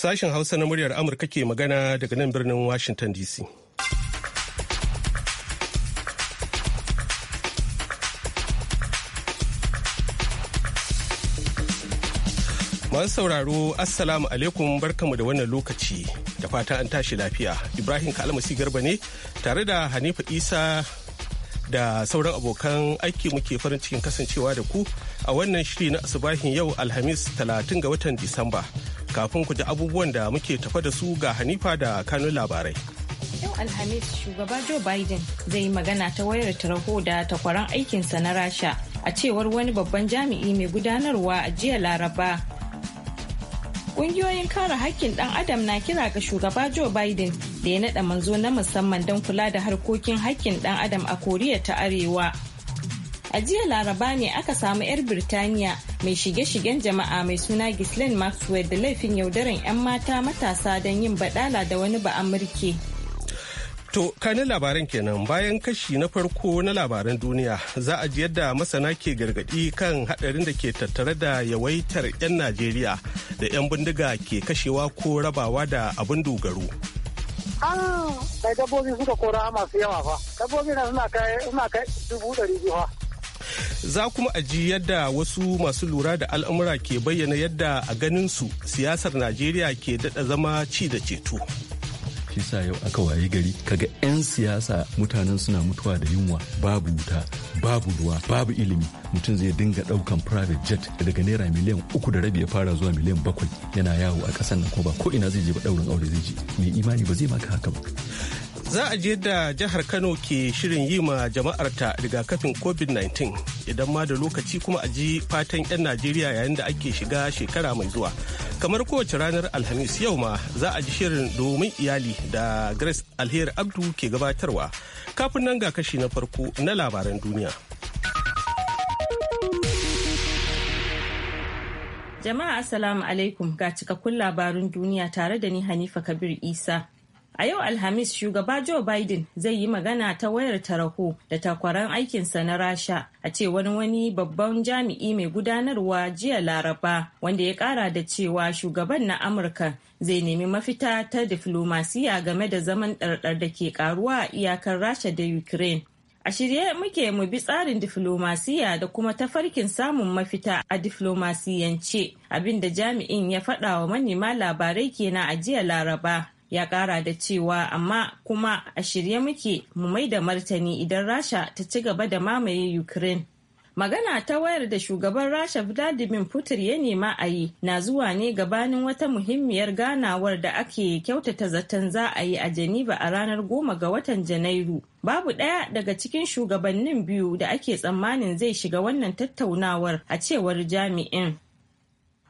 Sashen Hausa na muryar Amurka ke magana daga nan birnin Washington DC. Masu sauraro, Assalamu alaikum barkamu da wannan lokaci da fatan an tashi lafiya. Ibrahim Kalmasi Garba ne tare da Hanifa Isa da sauran abokan aiki muke farin cikin kasancewa da ku a wannan shiri na asubahin yau Alhamis 30 ga watan Disamba. kafin ku ji abubuwan da muke tafa da su ga Hanifa da kanun labarai. Yau Alhamis shugaba Joe Biden zai magana ta wayar tarho da takwaran aikinsa na Rasha a cewar wani babban jami'i mai gudanarwa a jiya Laraba. Ƙungiyoyin kare hakkin ɗan Adam na kira ga shugaba Joe Biden da ya naɗa manzo na musamman don kula da harkokin hakkin ɗan Adam a Koriya ta Arewa. A jiya laraba ne aka samu 'yar Birtaniya mai shige-shigen jama'a mai suna Ghislaine Maxwell da laifin yaudaran 'yan mata matasa don yin badala da wani ba Amurke. To, kanin labaran kenan bayan kashi na farko na labaran duniya za a ji yadda masana ke gargadi kan hadarin da ke tattare da yawaitar 'yan Najeriya da 'yan bindiga ke kashewa ko rabawa da abin dogaro. Ah, dabbobi suka kora masu yawa fa. Dabbobi na suna kai dubu ɗari biyu Za kuma a ji yadda wasu masu lura da al'amura ke bayyana yadda a ganin su siyasar Najeriya ke dada zama ci da ceto. shisa yau aka waye gari kaga 'yan siyasa mutanen suna mutuwa da yunwa babu wuta babu ruwa babu ilimi mutum zai dinga daukan private jet daga naira miliyan uku da rabi ya fara zuwa miliyan bakwai yana yawo a kasan nan ko ba ko ina zai je ba daurin aure zai je mai imani ba zai maka haka ba za a je da jihar kano ke shirin yi ma jama'arta rigakafin covid-19 idan ma da lokaci kuma a ji fatan 'yan najeriya yayin da ake shiga shekara mai zuwa kamar kowace ranar alhamis yau ma za a ji shirin domin iyali da grace alheri abdu ke gabatarwa kafin nan ga kashi na farko na labaran duniya jama'a assalamu alaikum ga cikakkun labarun duniya tare da ni hanifa kabir isa A yau Alhamis shugaba Joe Biden zai yi magana ta wayar taraho da takwaran aikinsa na Rasha a ce wani babban jami'i mai gudanarwa jiya Laraba wanda ya kara da cewa shugaban na Amurka zai nemi mafita ta diflomasiya game da zaman ɗarɗar da ke karuwa a iyakar Rasha da Ukraine. A shirye muke mu bi tsarin diflomasiya da kuma tafarkin samun mafita a diflomasiyance abinda jami'in ya faɗa wa manema labarai kenan a jiya Laraba. ya kara da cewa amma kuma a shirye muke mu mai da martani idan rasha ta ci gaba da mamaye ukraine magana ta wayar da shugaban rasha vladimir putin ya nema a yi na zuwa ne gabanin wata muhimmiyar ganawar da ake kyautata zaton za a yi a geneva a ranar goma ga watan janairu babu ɗaya daga cikin shugabannin biyu da ake tsammanin zai shiga wannan tattaunawar a cewar jami'in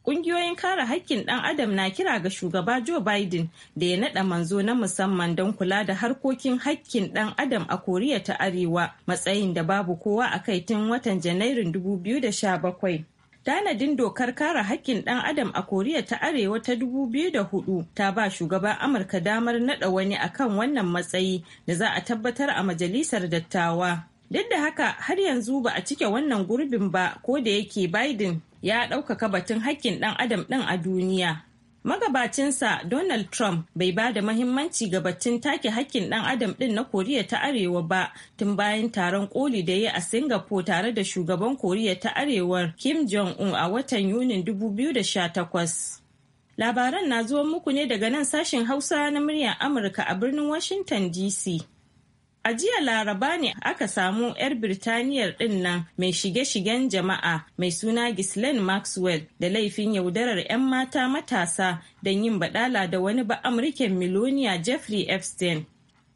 Ƙungiyoyin kare haƙƙin ɗan adam na kira ga shugaba Joe Biden da ya naɗa manzo na musamman don kula da harkokin haƙƙin ɗan adam a Koriya ta Arewa matsayin da babu kowa a kai tun watan Janairun 2017. tanadin dokar kare haƙƙin ɗan adam a koriya ta arewa ta 2004 ta ba shugaban amurka damar naɗa wani akan wannan matsayi da za a tabbatar a majalisar dattawa duk da haka har yanzu ba a cike wannan gurbin ba ko da yake biden ya ɗaukaka batun haƙƙin ɗan adam ɗin a duniya. Magabacinsa Donald Trump bai ba da mahimmanci ga batun take haƙƙin ɗan adam ɗin na Koriya ta Arewa ba tun bayan taron koli da ya a Singapore tare da shugaban Koriya ta Arewar Kim Jong-un a watan Yunin 2018. Labaran na zuwan muku ne daga nan sashen Hausa na muryar Amurka a birnin Washington DC. A jiya laraba ne aka samu 'yar Birtaniyar ɗin nan mai shige-shigen jama'a mai suna Ghislaine Maxwell da laifin yaudarar 'yan mata matasa don yin badala da wani ba Amurken miloniya Jeffrey Epstein.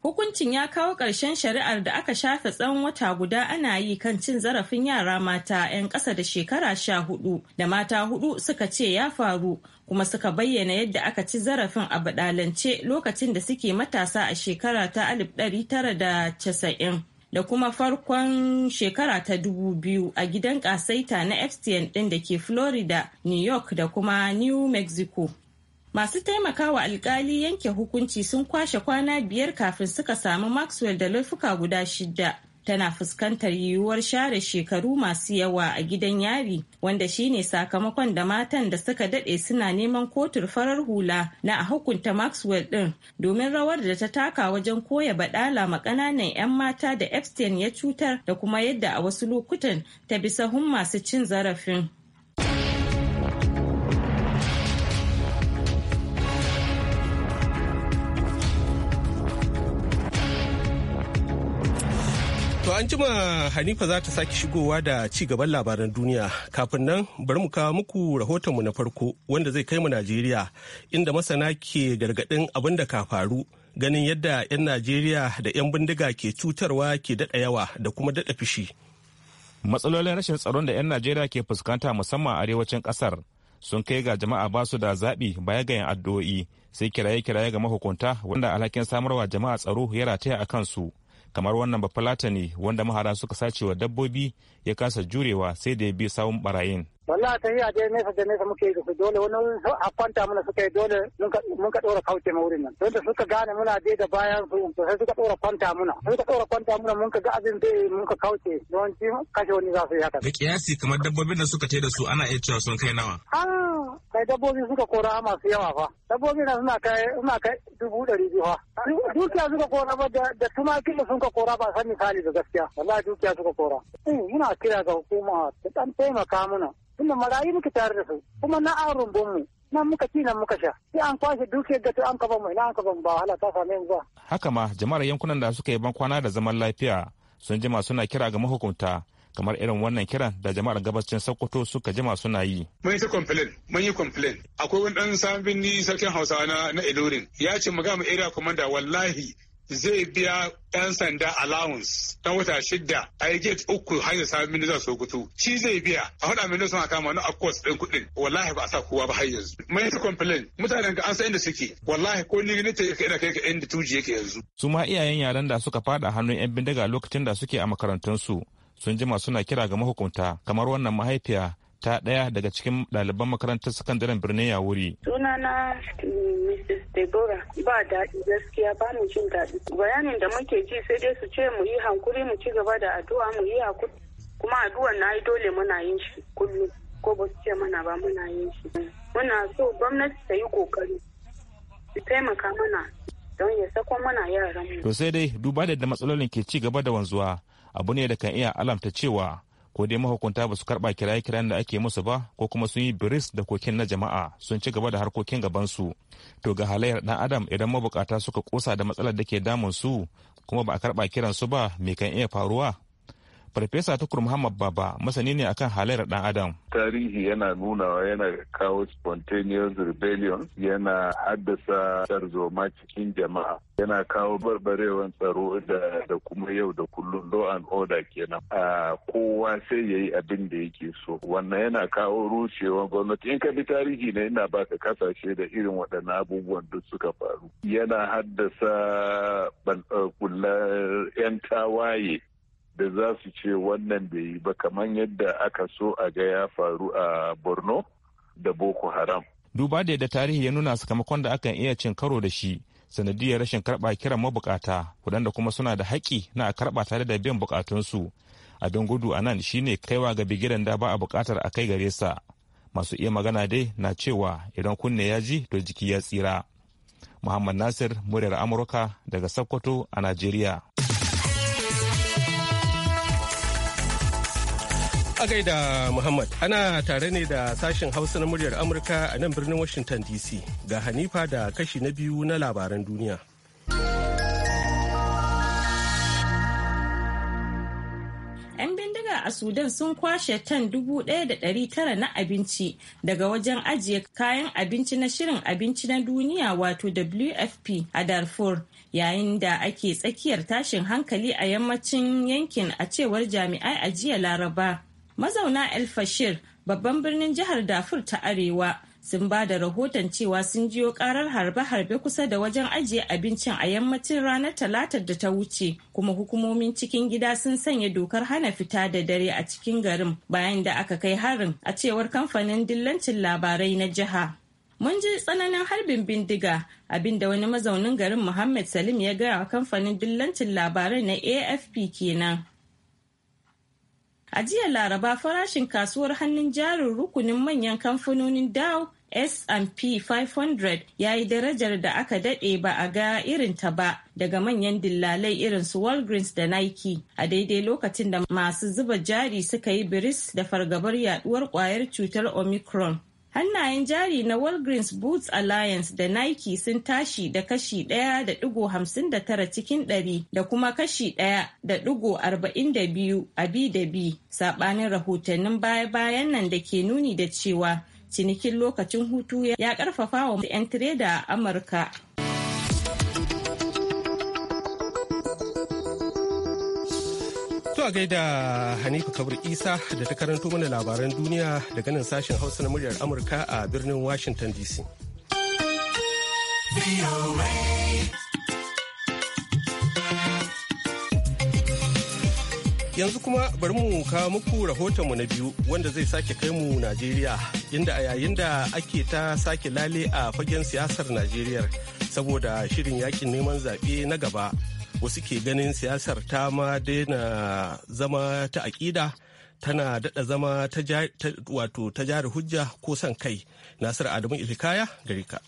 Hukuncin ya kawo ƙarshen shari'ar da aka shafe tsawon wata guda ana yi kan cin zarafin yara mata 'yan ƙasa da shekara sha hudu da mata hudu suka ce ya faru kuma suka bayyana yadda aka ci zarafin a badalance lokacin da suke matasa a shekara ta 1990 da kuma farkon shekara ta 2000 a gidan kasaita na epstein ɗin da ke florida new york da kuma new mexico masu taimakawa alkali yanke hukunci sun kwashe kwana biyar kafin suka samu maxwell da laifuka guda shida tana fuskantar yiwuwar share shekaru masu yawa a gidan yari wanda shine sakamakon da matan da suka dade suna neman kotur farar hula na a hukunta maxwell din domin rawar da ta taka wajen koya badala ma kananan 'yan mata da epstein ya cutar da kuma yadda a wasu lokutan ta bi sahun masu cin zarafin an jima Hanifa za ta sake shigowa da ci gaban labaran duniya. Kafin nan bari mu kawo muku rahotonmu na farko wanda zai kai mu Najeriya inda masana ke gargadin abin da ka faru ganin yadda 'yan Najeriya da 'yan bindiga ke cutarwa ke daɗa yawa da kuma daɗa fishi. Matsalolin rashin tsaron da 'yan Najeriya ke fuskanta musamman a arewacin kasar sun kai ga jama'a ba su da zaɓi baya ga yan addu'o'i sai kiraye-kiraye ga mahukunta wanda alhakin samarwa jama'a tsaro ya rataya a kansu. kamar wannan platani wanda mahara suka sacewa dabbobi ya kasa jurewa sai da ya bi sawun barayin wallahi ta hiya dai nesa da nesa muke da su dole wani a kwanta mana suka yi dole mun ka ɗora kauce ma wurin nan don da suka gane muna dai da bayan su to sai suka ɗora kwanta muna suka ɗora kwanta muna mun ka ga abin dai mun ka kauce don ci kashe wani za su yi haka. da kiyasi kamar dabbobin da suka ce da su ana iya cewa sun kai nawa. kai dabbobi suka kora masu yawa fa dabbobi na suna kai suna kai dubu ɗari biyu fa dukiya suka kora ba da tumaki da sun ka kora ba san misali da gaskiya wallahi dukiya suka kora. Eh, muna kira ga hukuma ta ɗan taimaka mana tunda marayu muke tare da su kuma na an rumbun mu na muka ci nan muka sha sai an kwashe dukiyar da an kaba mu ina an kafa ba wahala ta same mu ba haka ma jama'ar yankunan da suka yi ban kwana da zaman lafiya sun jima suna kira ga mahukunta kamar irin wannan kiran da jama'ar gabashin sokoto suka jima suna yi. mun yi ta complain mun yi complain akwai wani dan sabin ni sarkin hausa na na edorin ya ce mu ga mu area commander wallahi zai biya 'yan sanda allowance na wata shida a yi gate uku har ya minista su sokoto shi zai biya a hada minista a kama na akwas din kuɗin wallahi ba a sa kowa ba har yanzu mai ta complain mutanen ka an san inda suke wallahi ko ni ne ta ina kai ka inda tuji yake yanzu su ma iyayen yaran da suka fada hannun 'yan bindiga lokacin da suke a makarantunsu sun jima suna kira ga mahukunta kamar wannan mahaifiya ta ɗaya daga cikin ɗaliban makarantar sakandaren birnin Yawuri. Sunana Mrs. Deborah ba daɗi gaskiya ba mu jin daɗi. Bayanin da muke ji sai dai su ce mu yi hankuri mu ci gaba da addu'a mu yi hakuri. Kuma addu'ar na yi dole muna yin shi kullum. Ko ba su ce mana ba muna yin shi. Muna so gwamnati ta yi kokari. Su taimaka mana don ya sako mana yaran mu. To sai dai duba da matsalolin ke ci gaba da wanzuwa abu ne da kan iya alamta cewa ko dai mahukunta ba su karba kiraye kiran da ake musu ba ko kuma sun yi biris da kokin na jama'a sun ci gaba da harkokin gabansu to ga halayyar dan adam idan mabukata suka kosa da matsalar da ke damun su kuma ba a karba kiran su ba me kan iya faruwa Farfesa Tukur Muhammad Baba masani ne akan halayyar dan Adam. Tarihi yana nunawa yana kawo spontaneous rebellion yana haddasa tarzoma cikin jama'a yana kawo barbarewan tsaro da, da kuma yau da kullum law and order kenan. A kowa sai ya yi abin da yake so. Wannan yana kawo rushewan gwamnati in ka bi tarihi ne yana baka kasashe da irin waɗannan abubuwan duk suka faru. Yana haddasa kullar eh, 'yan tawaye da za su ce wannan bai yi ba kamar yadda aka so a ga ya faru a borno da boko haram duba da yadda tarihi ya nuna sakamakon da akan iya cin karo da shi sanadiyar rashin karba kiran mabukata waɗanda kuma suna da haƙƙi na a karɓa tare da biyan bukatunsu abin gudu a nan shine kaiwa ga bigiran da ba a buƙatar a kai gare sa masu iya magana dai na cewa idan kunne ya ji to jiki ya tsira muhammad nasir muryar amurka daga sokoto a najeriya A gaida Muhammad, ana tare ne da sashen Hausa na muryar Amurka a nan birnin Washington DC ga Hanifa da kashi na biyu na labaran duniya. ‘Yan bindiga a Sudan sun kwashe tan 1,900 na abinci daga wajen ajiye kayan abinci na Shirin Abinci na Duniya wato WFP a Darfur. yayin da ake tsakiyar tashin hankali a yammacin yankin a cewar jami'ai a jiya laraba mazauna el fashir babban birnin jihar dafur ta arewa sun ba da rahoton cewa sun jiyo karar harbe-harbe kusa da wajen ajiye abincin a yammacin ranar talatar da ta wuce kuma hukumomin cikin gida sun sanya dokar hana fita da dare a cikin garin bayan da aka kai harin a cewar kamfanin dillancin labarai na jiha mun ji tsananin harbin bindiga abinda wani mazaunin garin muhammad salim ya gaya wa kamfanin dillancin labarai na afp kenan A jiya Laraba farashin kasuwar hannun jarin rukunin manyan kamfanonin Dow S&P 500 ya yi darajar da aka daɗe ba a ga irin ta ba daga manyan dillalai irin su Walgreens da Nike a daidai lokacin da masu zuba jari suka yi biris da fargabar yaduwar kwayar cutar Omicron. Hannayen jari na Walgreens Boots Alliance da Nike sun tashi da kashi ɗaya da da hamsin tara cikin ɗari da kuma kashi ɗaya da 1.42 a bi da bi saɓanin rahotannin baya-bayan nan da ke nuni da cewa cinikin lokacin hutu ya karfafa wa 'yan tireda a Amurka. a gaida Hanifa Kabir Isa da ta karanto mana labaran duniya daga nan sashen Hausa na muryar Amurka a birnin Washington DC. Yanzu kuma bari mu kawo muku rahotonmu na biyu wanda zai sake kai mu Najeriya inda a yayin da ake ta sake lale a fagen siyasar Najeriya saboda shirin yakin neman zaɓe na gaba wasu ke ganin siyasar ta ma daina zama ta aƙida tana daɗa zama wato ta jari hujja ko son kai nasir adamu ilikaya gari ka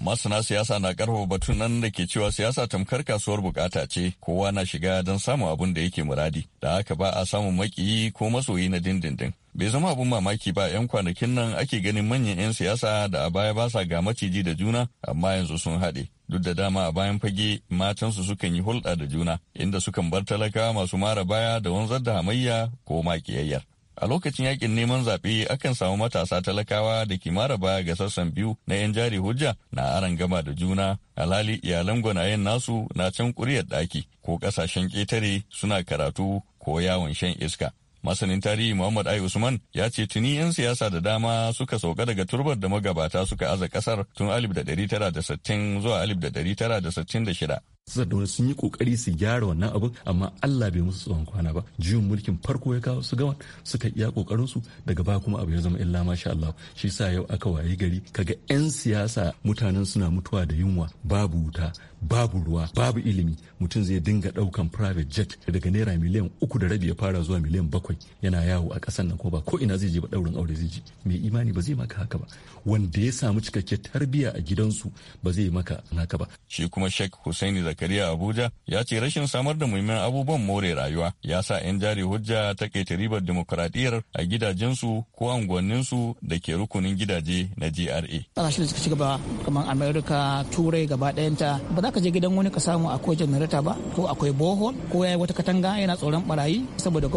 masana siyasa na karfafa batun nan da ke cewa siyasa tamkar kasuwar bukata ce kowa na shiga don samun abin da yake muradi da haka ba a samun makiyi ko masoyi na dindindin bai zama abin mamaki ba 'yan kwanakin nan ake ganin manyan 'yan siyasa da a baya ba sa ga maciji da juna amma yanzu sun haɗe duk da dama a bayan fage matansu sukan yi hulɗa da juna inda sukan bar talakawa masu mara baya da wanzar da hamayya ko makiyayyar. A lokacin yakin neman zaɓe akan samu matasa talakawa da ke mara baya ga sassan biyu na 'yan jari hujja na aran gama da juna alhali iyalan gwanayen nasu na can ƙuryar ɗaki ko ƙasashen ƙetare suna karatu ko yawon shan iska. Masanin tarihi Muhammad Ai Usman ya ce tuni 'yan siyasa da dama suka sauka daga turbar da magabata suka aza kasar tun 1960 zuwa 1966 wani sun yi kokari su gyara wannan abin amma allah bai musu tsawon kwana ba juyin mulkin farko ya kawo su gawan suka iya kokarin su daga ba kuma abu ya zama illa masha allah shi sa yau aka waye gari kaga yan siyasa mutanen suna mutuwa da yunwa babu wuta babu ruwa babu ilimi mutum zai dinga daukan private jet daga naira miliyan uku da rabi ya fara zuwa miliyan bakwai yana yawo a kasan nan ko ba ko ina zai je ba daurin aure zai je mai imani ba zai maka haka ba wanda ya samu cikakken tarbiyya a gidansu ba zai maka haka ba shi kuma sheikh husaini Zakari a Abuja ya ce rashin samar da muhimman abubuwan more rayuwa ya sa 'yan jari hujja ta keta ribar demokuraɗiyar a gidajensu ko unguwanninsu da ke rukunin gidaje na GRA. Ƙasashen da suka ci gaba kamar Amerika, Turai gaba ɗayanta ba za ka je gidan wani ka samu akwai janareta ba ko akwai bohol ko ya yi wata katanga yana tsoron barayi saboda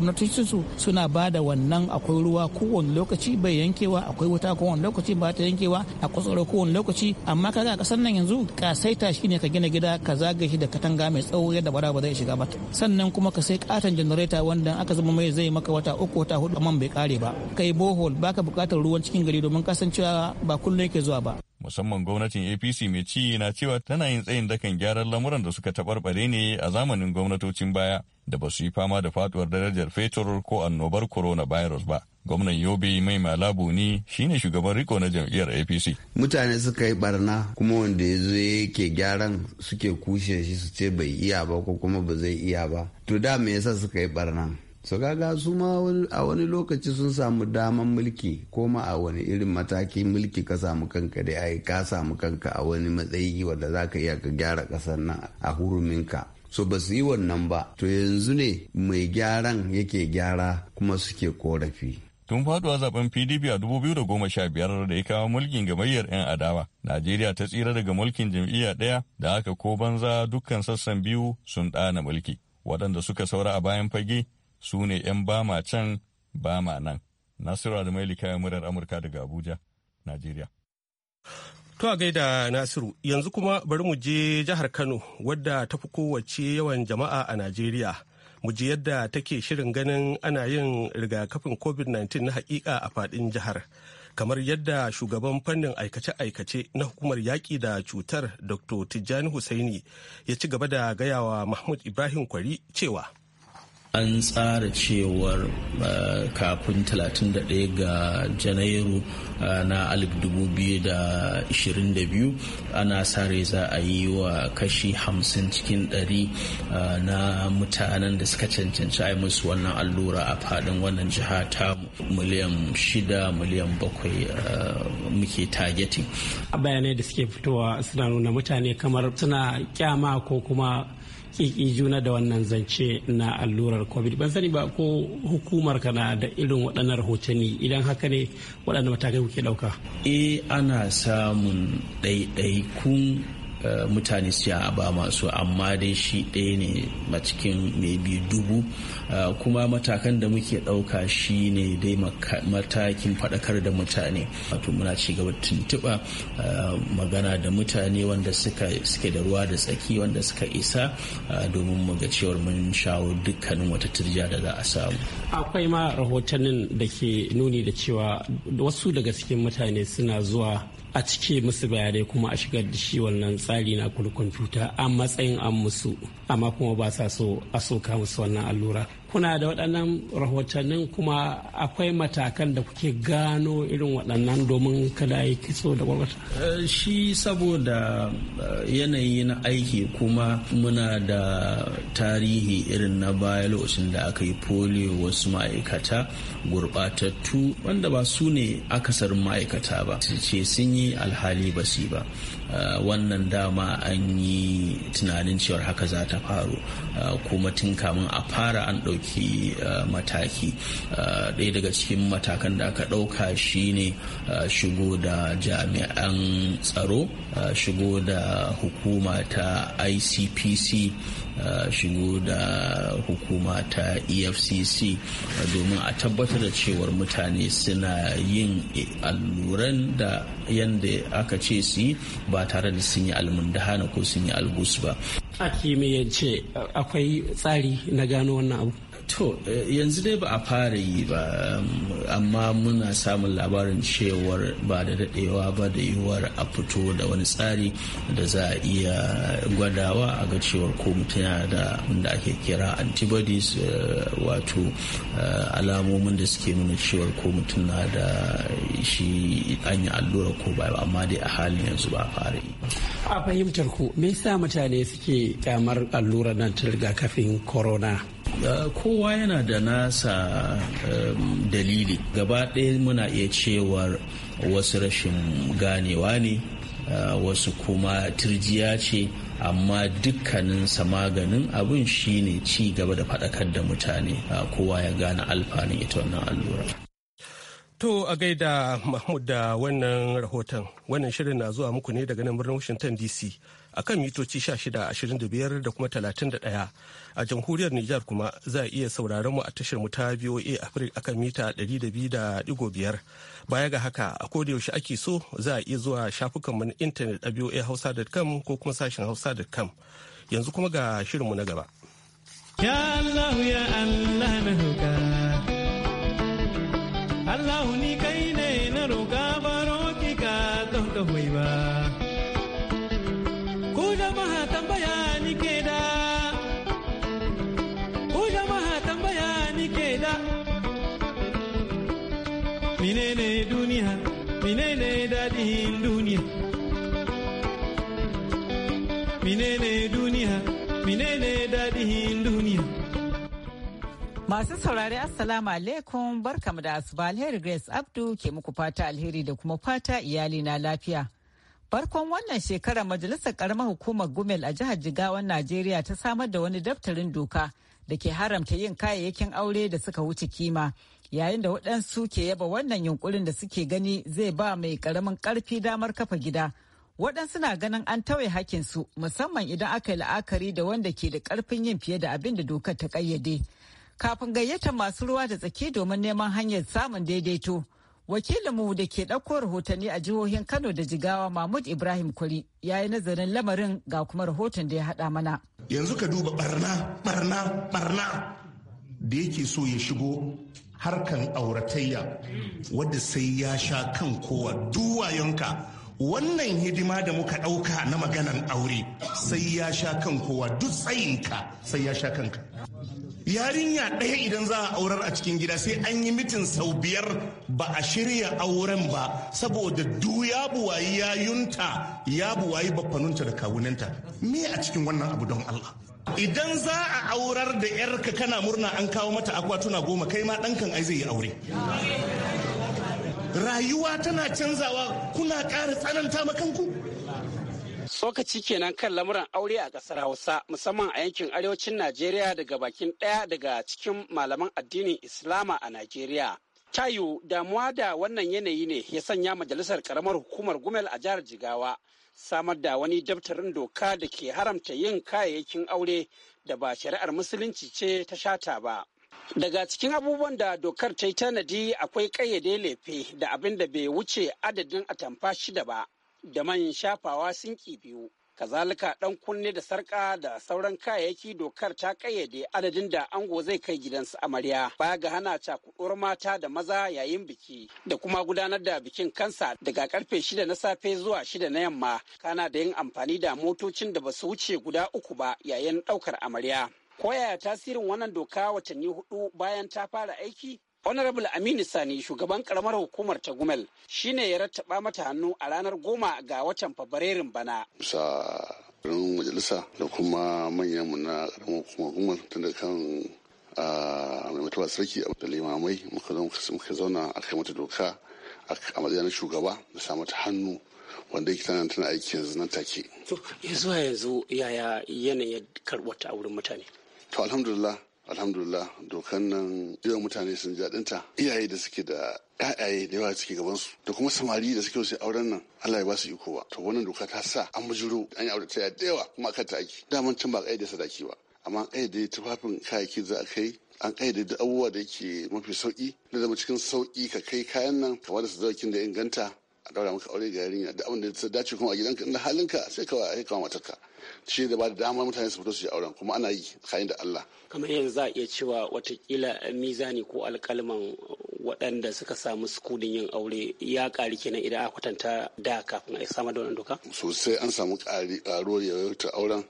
su suna ba da wannan akwai ruwa kowane lokaci bai yankewa akwai wuta kowane lokaci ba ta yankewa akwai tsoro kowane lokaci amma kaga a ƙasar nan yanzu ka saita shine ka gina gida ka zagaye shi da katanga mai tsawo yadda bara ba zai shiga ba sannan kuma ka sai katon janareta wanda aka zama mai zai maka wata uku wata hudu amma bai kare ba kai bohol baka bukatar ruwan cikin gari domin kasancewa ba kullum yake zuwa ba musamman gwamnatin apc mai ci na cewa tana yin tsayin dakan gyaran lamuran da suka taɓarɓare ne a zamanin gwamnatocin baya da ba su yi fama da faduwar darajar fetur ko annobar coronavirus ba gwamnan yobe mai malabu ne shine shugaban riko na jam'iyyar apc mutane suka yi barna kuma wanda ya zo yake gyaran suke kushe shi su ce bai iya ba ko kuma ba zai iya ba to da me yasa suka yi barna su gaga su ma a wani lokaci sun samu daman mulki ko ma a wani irin mataki mulki ka samu kanka da ai ka samu kanka a wani matsayi wanda za ka iya ka gyara ƙasar nan a huruminka so ba su yi wannan ba to yanzu ne mai gyaran yake gyara kuma suke korafi tun faduwa zaben pdp a 2015 da ya kawo mulkin gamayyar 'yan adawa najeriya ta tsira daga mulkin jam'iyya daya da haka ko banza dukkan sassan biyu sun ɗana mulki waɗanda suka saura a bayan fage su ne 'yan bama can bama nan. Nasiru Adamaili kayan murar Amurka daga Abuja, Najeriya. To a gaida Nasiru, yanzu kuma bari mu je jihar Kano wadda ta fi kowace yawan jama'a a Najeriya. Mu ji yadda take shirin ganin ana yin rigakafin COVID-19 na hakika a fadin jihar. Kamar yadda shugaban fannin aikace-aikace na hukumar yaƙi da cutar Dr. Tijjani Husaini ya ci gaba da gayawa Mahmud Ibrahim Kwari cewa. an tsara cewar uh, kafin 31 ga janairu uh, na 2022 ana sare za a yi wa kashi 50 cikin 100 uh, na mutanen da suka cancanci a musu wannan allura a fadin wannan jiha ta miliyan 6 miliyan 7 muke targeting bayanai da suke fitowa suna nuna mutane kamar suna kyama ko kuma kiki juna da wannan zance na allurar covid ban sani ba ko hukumar kana da irin waɗannan rahotanni idan haka ne waɗannan matakai kuke ɗauka eh ana samun ɗaiɗaikun Eh, mutane su a ba masu amma dai shi ɗaya ne a cikin maybe dubu eh, kuma matakan da muke ɗauka shi ne dai matakin faɗakar da mutane wato muna ci gaba tuntuɓa eh, magana da mutane wanda suke da ruwa da tsaki wanda suka isa domin mu ga cewar mun shawo dukkanin wata turja da za a samu akwai ma rahotannin da ke nuni da cewa wasu daga cikin mutane suna zuwa a cike musu bayanai kuma a shigar da shi wannan tsari na kwamfuta a matsayin an musu amma kuma ba sa so a soka musu wannan allura kuna da waɗannan rahotannin kuma akwai matakan da kuke gano irin waɗannan domin kada yi kitso da gwamnati eh, shi saboda eh, yanayi na aiki kuma muna da tarihi irin na baya lokacin da aka yi polio wasu ma'aikata gurɓatattu wanda ba su ne akasarin ma'aikata ba ce sun yi alhali basi ba Eh, wannan dama an yi tunanin cewar haka za ta faru eh, kuma tun kamun a fara an ɗauki eh, mataki ɗaya daga cikin matakan da aka ɗauka shine shigo da jami'an tsaro shigo da hukuma ta icpc shigo da hukuma ta efcc domin a tabbatar da cewar mutane suna yin eh, alluran da yadda aka ce su yi ba tare da sun yi almundahana ko sun yi albus ba a kimiyyance akwai tsari na gano wannan abu To eh, yanzu dai ba a fara yi ba amma muna samun labarin cewar ba da daɗewa ba da yiwuwar a fito da wani tsari da za a iya gwadawa a ga cewar ko mutum yana da wanda ake kira antibodies eh, wato eh, alamomin da suke nuna cewar ko mutum na da shi an yi allura ko ba amma dai a halin yanzu ba a fara yi. A fahimtar ku me yasa mutane suke kyamar allura nan ta rigakafin corona? Eh, kowa yana da nasa dalili gaba ɗaya muna iya cewar wasu rashin ganewa ne eh, wasu kuma turjiya ce amma dukkanin maganin abin shine ci gaba da faɗakar da mutane eh, kowa ya gane alfanun ita wannan allura To a gaida Mahmud da wannan rahoton wannan shirin na zuwa muku ne daga nan birnin Washington DC. a kan mitoci 1625 da kuma 31 a jamhuriyar Nijar kuma za a iya sauraron mu a tashar mu ta VOA Africa akan mita 200.5 baya ga haka a koda yaushe ake so za a iya zuwa shafukan mu na intanet a voahausa.com ko kuma sashen hausa.com yanzu kuma ga shirinmu na gaba Ya Allah ya Allah na ni kai ne na roƙa baro ki ka ba duniya menene daɗin duniya Masu saurari Assalamu alaikum barkamu da asuba alheri Grace Abdu ke muku fata alheri da kuma fata iyali na lafiya. Farkon wannan shekara majalisar karamar hukumar Gumel a jihar Jigawan Najeriya ta samar da wani daftarin doka da ke haramta yin kayayyakin aure da suka wuce kima yayin da waɗansu ke yaba wannan yunkurin da suke gani zai ba mai karamin karfi damar kafa gida waɗansu na ganin an tauye hakinsu musamman idan aka yi la'akari da wanda ke da ƙarfin yin fiye da abin da dokar ta ƙayyade. Kafin gayyatar masu ruwa da tsaki domin neman hanyar samun daidaito, wakilinmu da ke ɗauko rahotanni a jihohin Kano da Jigawa Mahmud Ibrahim Kuri ya yi nazarin lamarin ga kuma rahoton da ya haɗa mana. Yanzu ka duba barna, barna, barna da yake so ya shigo harkan auratayya wadda sai ya sha kan kowa duwayonka wannan hidima da muka ɗauka na maganan aure sai ya sha kan kowa duk tsayinka sai ya sha kanka yarinya ɗaya idan za a aurar a cikin gida sai an yi mitin sau biyar ba a shirya auren ba saboda du ya buwayi yunta ya buwayi baffanunta da kawunanta me a cikin wannan abu don Allah idan za a aurar da yarka kana murna an kawo mata akwatuna goma kai ma ɗankan ai zai yi aure rayuwa tana canzawa kuna ƙara tsananta makanku tsokaci kenan kan lamuran aure a ƙasar hausa musamman a yankin arewacin najeriya daga bakin ɗaya daga cikin malaman addinin islama a najeriya tayu damuwa da wannan yanayi ne ya sanya majalisar ƙaramar hukumar gumel a jihar jigawa samar da wani daftarin doka da ke haramta yin kayayyakin aure da ba shari'ar musulunci ce ta shata ba Daga cikin abubuwan da dokar ta yi tanadi akwai ƙayyade lefe da abin da bai wuce adadin atamfa shida ba da man shafawa sinki biyu. Kazalika ɗan kunne da sarƙa da sauran kayayyaki dokar ta kayyade adadin da ango zai kai gidansu amarya baya ga hana cakuɗuwar mata da maza yayin biki da kuma gudanar da bikin kansa daga karfe shida na safe zuwa shida na yamma kana da yin amfani da motocin da ba su wuce guda uku ba yayin ɗaukar amarya. Koya tasirin wannan doka watanni hudu bayan ta fara aiki? Honorable Aminu Sani shugaban karamar hukumar ta Gumel shine ya rattaba mata hannu a ranar goma ga watan Fabrairun bana. Bisa ran majalisa da kuma manyan mu na karamar hukumar Gumel tun da kan a mai mutuwa sarki da limamai muka zauna a kai mata doka a na shugaba da sa mata hannu wanda yake tana tana aiki yanzu nan take. To zuwa yanzu yaya yanayin karɓar ta a wurin mutane? to alhamdulillah alhamdulillah dokan nan yawan mutane sun ji daɗinta iyaye da suke da ya'yaye da yawa suke su. da kuma samari da suke wasu auren nan Allah ya ba su iko ba to wannan doka ta sa an bujuro an yi aure ta da yawa kuma aka ta aiki daman tun ba da sadaki ba amma da tufafin kayayyaki za a kai an da abubuwa da yake mafi sauki da zama cikin sauki ka kai kayan nan kamar da sadakin da inganta a daura maka aure ga yarinya da abin da ta dace kuma a gidanka inda halinka sai ka sai ka matarka shi da ba da dama mutane su fito su yi auren kuma ana yi kayan da Allah kamar yanzu za a iya cewa watakila mizani ko alkalman waɗanda suka samu sukudin yin aure ya ƙari kenan idan a kwatanta da kafin a samar da wannan doka sosai an samu ƙaruwar yawaita auren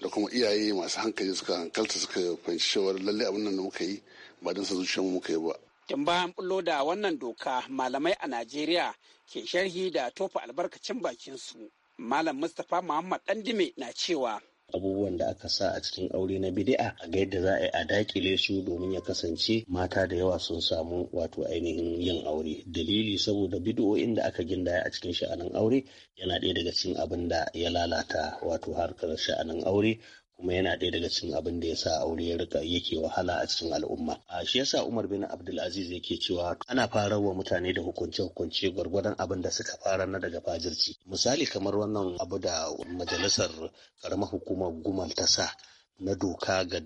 da kuma iyaye masu hankali suka hankalta suka fahimci cewar lallai abin nan da muka yi ba don sa zuciyar muka yi ba tun bayan bullo da wannan doka malamai a najeriya ke sharhi da tofa albarkacin bakinsu malam mustapha muhammad dandime na cewa abubuwan da aka sa a cikin aure na bidi'a a ga yadda za a yi a dakile su domin ya kasance mata da yawa sun samu wato ainihin yin aure dalili saboda bidi'o'in da aka gindaya a cikin sha'anin aure yana ɗaya daga cikin abin da ya lalata wato harkar sha'anin aure kuma yana ɗaya daga cikin abin da ya sa aure ya rika yake wahala a cikin al'umma a shi yasa umar bin abdulaziz yake cewa ana fara wa mutane da hukunce hukunce gwargwadon abin da suka fara na daga fajirci misali kamar wannan abu da majalisar karamar hukumar gumal ta sa na doka ga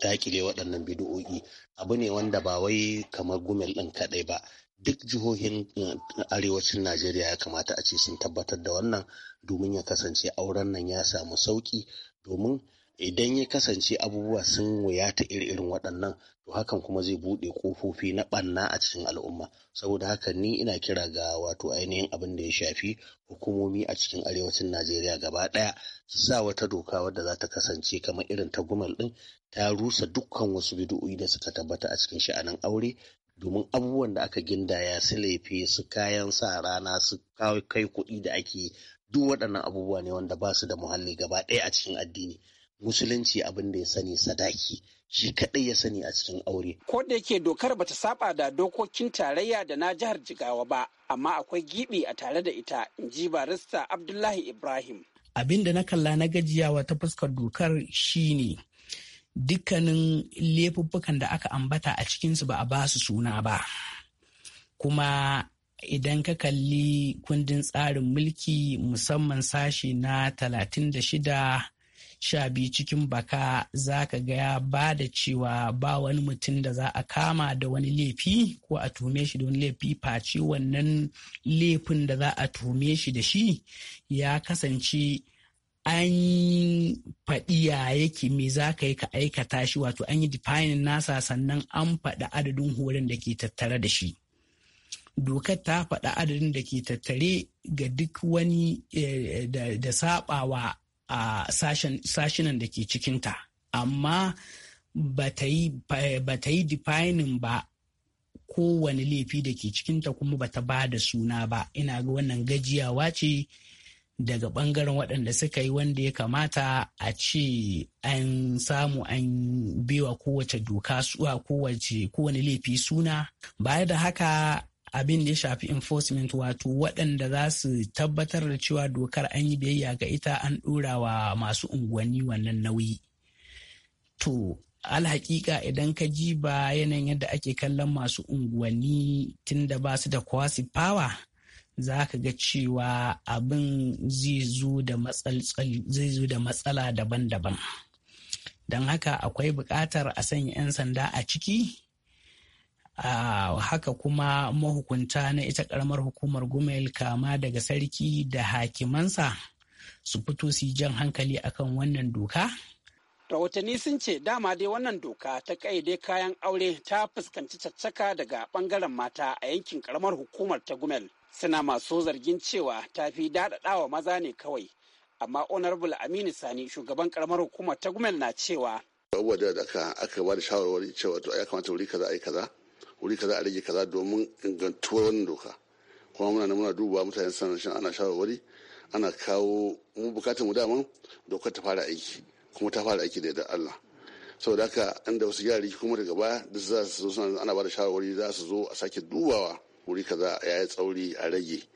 dakile waɗannan bidiyo'i abu ne wanda ba wai kamar gumel ɗin kaɗai ba duk jihohin eh, arewacin najeriya ya kamata a ce sun tabbatar da wannan domin ya kasance auren nan ya samu sauƙi domin idan ya kasance abubuwa sun wuya iri irin waɗannan to hakan kuma zai buɗe ƙofofi na ɓanna a cikin al'umma saboda haka ni ina kira ga wato ainihin abin da ya shafi hukumomi a cikin arewacin najeriya gaba ɗaya su sa wata doka wadda za ta kasance kamar irin ta gumal ɗin ta rusa dukkan wasu bidu'o'i da suka tabbata a cikin sha'anin aure domin abubuwan da aka gindaya su laife su kayan sa rana su kai kuɗi da ake duk waɗannan abubuwa ne wanda ba su da muhalli gaba ɗaya a cikin addini musulunci abin da ya sani sadaki shi kaɗai ya sani a cikin aure. Ko da yake dokar bata saba da dokokin tarayya da na jihar Jigawa ba, amma akwai gibi a tare da ita, in ji barista Abdullahi Ibrahim. Abin da na kalla na gajiyawa ta fuskar dokar shi ne, dukkanin laifuffukan da aka ambata a cikinsu ba a ba su suna ba. Kuma idan ka kalli kundin tsarin mulki musamman sashi na 36 sha biyu cikin baka za ka ga ba da cewa ba wani mutum da za a kama da wani laifi ko a tume shi da wani laifi face wannan laifin da za a tume shi da shi ya kasance an faɗi ya yake me za ka yi ka aikata shi wato an yi defining nasa sannan an faɗi adadin horon da ke tattare da shi. dokar ta faɗa adadin da ke tattare ga duk wani eh, da saɓawa a sashinan da ke cikinta amma ba ta yi defining ba kowane laifi da ke cikinta kuma ba ta ba da suna ba ina ga wannan gajiyawa ce daga bangaren waɗanda suka yi wanda ya kamata a ce an samu an biwa kowace doka suwa kowace kowane laifi suna baya da haka abin da ya shafi enforcement wato waɗanda za su tabbatar da cewa dokar an yi biyayya ga ita an ɗora wa masu unguwanni wannan nauyi. To, alhaƙiƙa idan ka ji ba yanayin yadda ake kallon masu unguwanni tun da ba su da kwasi power za ka ga cewa abin zai zo da matsala daban-daban. Don haka akwai buƙatar a sanya 'yan sanda a ciki haka kuma mahukunta na ita karamar hukumar gumel kama daga sarki da hakimansa su fito su jan hankali akan wannan doka rahotanni sun ce dama dai wannan doka ta kaide kayan aure ta fuskanci caccaka daga bangaren mata a yankin karamar hukumar ta gumel suna masu zargin cewa ta fi daɗaɗawa maza ne kawai amma honorable aminu sani shugaban karamar hukumar ta gumel na cewa saboda da aka aka ba da shawarwari cewa to ya kamata wuri kaza a yi kaza wuri kaza a rage kaza domin ingantuwar wannan doka kuma muna muna duba mutane sanar shan ana shawarwari ana kawo mu bukatar mu daman dokar ta fara aiki kuma ta fara aiki da yadda Allah saboda haka inda wasu yari kuma daga baya duk za su zo ana ba da shawarwari za su zo a sake dubawa wuri kaza ya yi tsauri a rage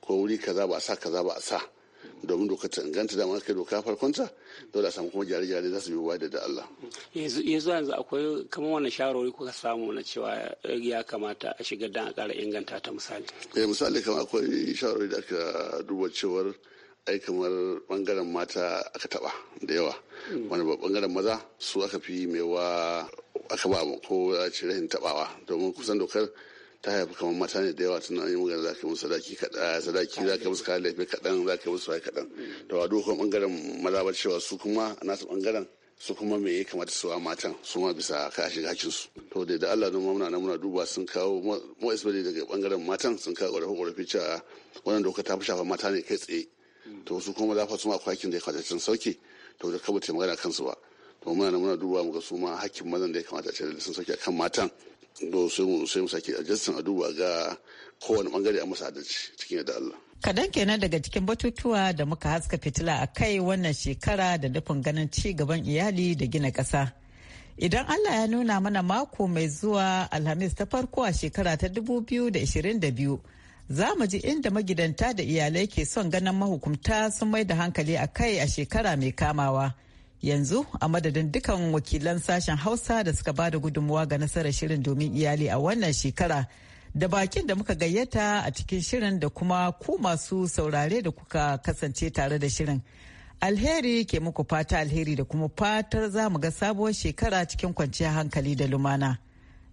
ko wuri kaza ba sa kaza ba a sa domin doka ta inganta da kai doka farkonta dole a samu kuma gyare-gyare za su yi da da Allah. yanzu yanzu akwai kamar wani shawarwari kuka samu na cewa ya kamata a shiga dan a ƙara inganta ta misali. eh misali kamar akwai shawarwari da aka duba cewar ai kamar bangaren mata aka taba da yawa hmm. wani bangaren maza su aka fi mai aka ba ko a ce rahin tabawa domin kusan dokar ta haifi kamar mata ne da yawa tana yin magana za ka musu sadaki kaɗan sadaki za ka musu kayan laifi kaɗan za ka musu wai kaɗan da wa dukkan ɓangaren maza ba cewa su kuma a nasu ɓangaren su kuma me ya kamata su wa matan su ma bisa kashin hakin su to da da Allah noma muna muna duba sun kawo mu isbali daga bangaren matan sun kawo ƙorafi ƙorafi cewa wannan doka ta fi shafa mata ne kai tsaye to su kuma za fa su ma kwakin da ya kamata sun sauke to da kaba ta magana kansu ba to muna muna duba mu ga su ma hakkin mazan da ya kamata ce da sun sauke kan matan do sai sake a duba ga kowane bangare a masa adalci cikin yadda Allah kadan kenan daga cikin batutuwa da muka haska fitila a kai wannan shekara da nufin ganin ci gaban iyali da gina ƙasa. Idan Allah ya nuna mana mako mai zuwa Alhamis ta farko a shekara ta 2022, za mu ji inda magidanta da iyalai ke son ganin mahukumta sun mai da hankali a kai a shekara mai kamawa. yanzu a madadin dukan wakilan sashen hausa da suka ba da gudunmuwa ga nasarar shirin domin iyali a wannan shekara da bakin da muka gayyata a cikin shirin da kuma ku masu saurare da kuka kasance tare da shirin alheri ke muku fata alheri da kuma fatar za mu ga sabuwar shekara cikin kwanciyar hankali da lumana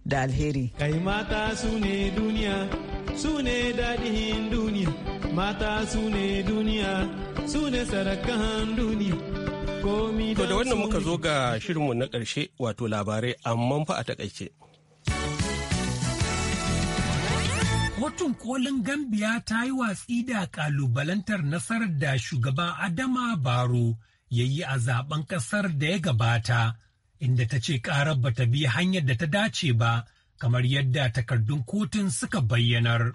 da alheri kai mata su ne duniya su ne dadihin duniya mata su ne duniya su ne sarakan duniya To da wannan muka zo ga shirinmu na ƙarshe wato labarai amma fa a takaice. Kotun kolin Gambiya ta yi watsi da kalubalantar nasarar da shugaban Adama Baro ya yi a zaben ƙasar da ya gabata, inda ta ce karar ta bi hanyar da ta dace ba, kamar yadda takardun kotun suka bayyanar.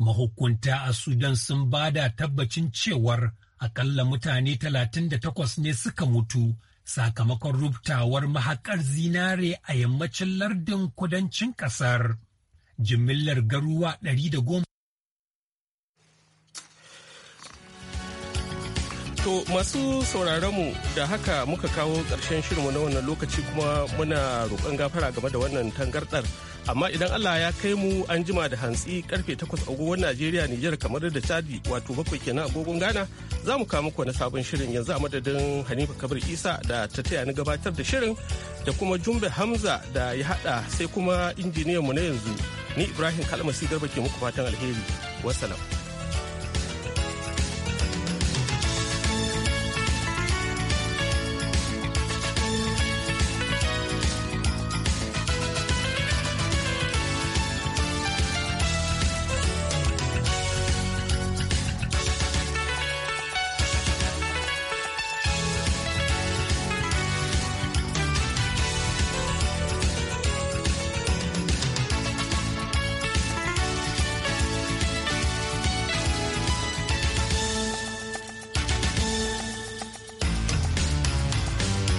Mahukunta a Sudan sun bada tabbacin cewar akalla mutane talatin da takwas ne suka mutu sakamakon rubtawar mahakar zinare a yammacin lardin kudancin kasar. Jimillar garuwa goma. To masu sauraronmu da haka muka kawo ƙarshen shirinmu na wannan lokaci kuma muna roƙon gafara game da wannan tangarɗar Amma idan Allah ya kai mu an jima da hantsi karfe 8 agogon Najeriya Nijar kamar da Chadi wato bakwai kenan agogon Ghana za mu kawo muku na sabon shirin yanzu a madadin Hanifa Kabir Isa da ta taya ni gabatar da shirin da kuma Jumbe Hamza da ya hada sai kuma injiniyan mu na yanzu ni Ibrahim Kalmasi Garba ke muku fatan alheri. Wassalam.